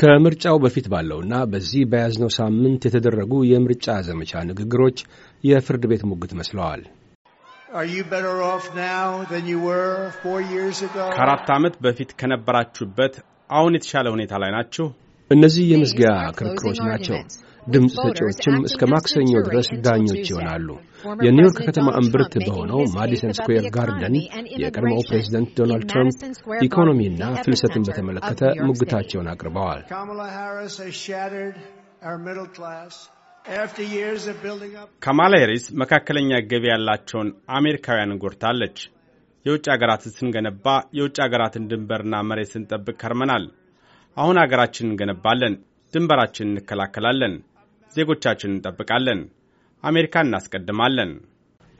ከምርጫው በፊት ባለውና በዚህ በያዝነው ሳምንት የተደረጉ የምርጫ ዘመቻ ንግግሮች የፍርድ ቤት ሙግት መስለዋል። ከአራት ዓመት በፊት ከነበራችሁበት አሁን የተሻለ ሁኔታ ላይ ናችሁ? እነዚህ የምዝጊያ ክርክሮች ናቸው። ድምፅ ሰጪዎችም እስከ ማክሰኞ ድረስ ዳኞች ይሆናሉ። የኒውዮርክ ከተማ እምብርት በሆነው ማዲሰን ስኩዌር ጋርደን የቀድሞው ፕሬዚደንት ዶናልድ ትራምፕ ኢኮኖሚና ፍልሰትን በተመለከተ ሙግታቸውን አቅርበዋል። ካማላ ሄሪስ መካከለኛ ገቢ ያላቸውን አሜሪካውያን ጎድታለች። የውጭ አገራትን ስንገነባ የውጭ አገራትን ድንበርና መሬት ስንጠብቅ ከርመናል። አሁን አገራችንን እንገነባለን፣ ድንበራችንን እንከላከላለን። ዜጎቻችን እንጠብቃለን። አሜሪካ እናስቀድማለን።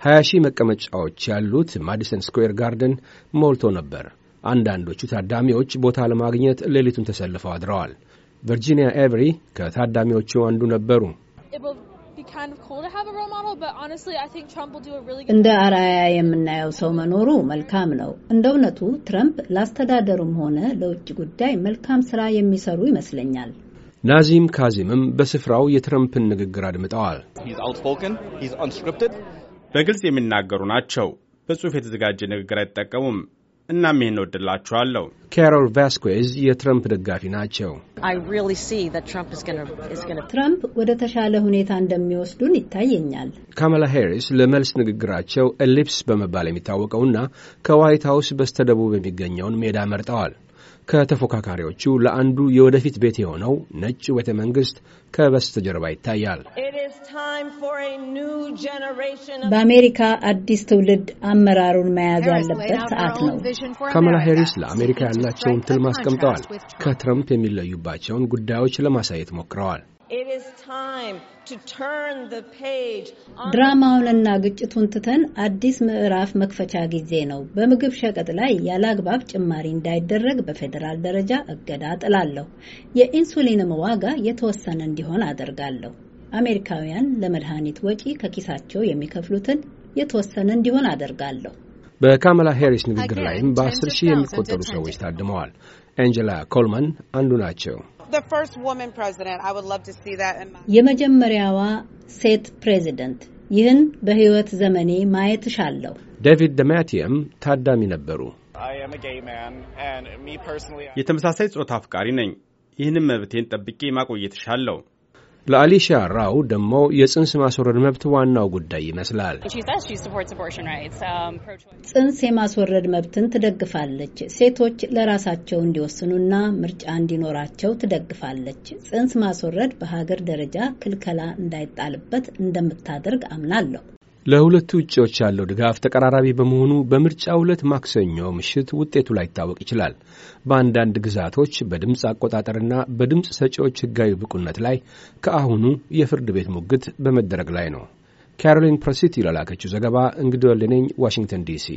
20 ሺህ መቀመጫዎች ያሉት ማዲሰን ስኩዌር ጋርደን ሞልቶ ነበር። አንዳንዶቹ ታዳሚዎች ቦታ ለማግኘት ሌሊቱን ተሰልፈው አድረዋል። ቨርጂኒያ ኤቨሪ ከታዳሚዎቹ አንዱ ነበሩ። እንደ አራያ የምናየው ሰው መኖሩ መልካም ነው። እንደ እውነቱ ትረምፕ ለአስተዳደሩም ሆነ ለውጭ ጉዳይ መልካም ስራ የሚሰሩ ይመስለኛል። ናዚም ካዚምም በስፍራው የትረምፕን ንግግር አድምጠዋል። በግልጽ የሚናገሩ ናቸው። በጽሑፍ የተዘጋጀ ንግግር አይጠቀሙም። እናም ይህን እወድላችኋለሁ። ካሮል ቫስኩዝ የትረምፕ ደጋፊ ናቸው። ትራምፕ ወደ ተሻለ ሁኔታ እንደሚወስዱን ይታየኛል። ካማላ ሄሪስ ለመልስ ንግግራቸው ኤሊፕስ በመባል የሚታወቀውና ከዋይት ሀውስ በስተደቡብ የሚገኘውን ሜዳ መርጠዋል። ከተፎካካሪዎቹ ለአንዱ የወደፊት ቤት የሆነው ነጭ ቤተ መንግሥት ከበስተጀርባ ይታያል። በአሜሪካ አዲስ ትውልድ አመራሩን መያዝ ያለበት ሰዓት ነው። ካማላ ሄሪስ ለአሜሪካ ያላቸውን ትልም አስቀምጠዋል። ከትረምፕ የሚለዩባቸውን ጉዳዮች ለማሳየት ሞክረዋል። ድራማውንና ግጭቱን ትተን አዲስ ምዕራፍ መክፈቻ ጊዜ ነው። በምግብ ሸቀጥ ላይ ያለ አግባብ ጭማሪ እንዳይደረግ በፌዴራል ደረጃ እገዳ ጥላለሁ። የኢንሱሊንም ዋጋ የተወሰነ እንዲሆን አደርጋለሁ። አሜሪካውያን ለመድኃኒት ወጪ ከኪሳቸው የሚከፍሉትን የተወሰነ እንዲሆን አደርጋለሁ። በካማላ ሄሪስ ንግግር ላይም በአስር ሺህ የሚቆጠሩ ሰዎች ታድመዋል። አንጀላ ኮልመን አንዱ ናቸው። የመጀመሪያዋ ሴት ፕሬዚደንት፣ ይህን በሕይወት ዘመኔ ማየት እሻለሁ። ዴቪድ ደማቲየም ታዳሚ ነበሩ። የተመሳሳይ ጾታ አፍቃሪ ነኝ። ይህንም መብቴን ጠብቄ ማቆየት እሻለሁ። ለአሊሻ ራው ደግሞ የጽንስ ማስወረድ መብት ዋናው ጉዳይ ይመስላል። um, ጽንስ የማስወረድ መብትን ትደግፋለች። ሴቶች ለራሳቸው እንዲወስኑና ምርጫ እንዲኖራቸው ትደግፋለች። ጽንስ ማስወረድ በሀገር ደረጃ ክልከላ እንዳይጣልበት እንደምታደርግ አምናለሁ። ለሁለቱ እጩዎች ያለው ድጋፍ ተቀራራቢ በመሆኑ በምርጫ ዕለት ማክሰኞ ምሽት ውጤቱ ላይታወቅ ይችላል። በአንዳንድ ግዛቶች በድምፅ አቆጣጠርና በድምፅ ሰጪዎች ሕጋዊ ብቁነት ላይ ከአሁኑ የፍርድ ቤት ሙግት በመደረግ ላይ ነው። ካሮሊን ፕሮሲቲ ለላከችው ዘገባ እንግዲ ወልነኝ ዋሽንግተን ዲሲ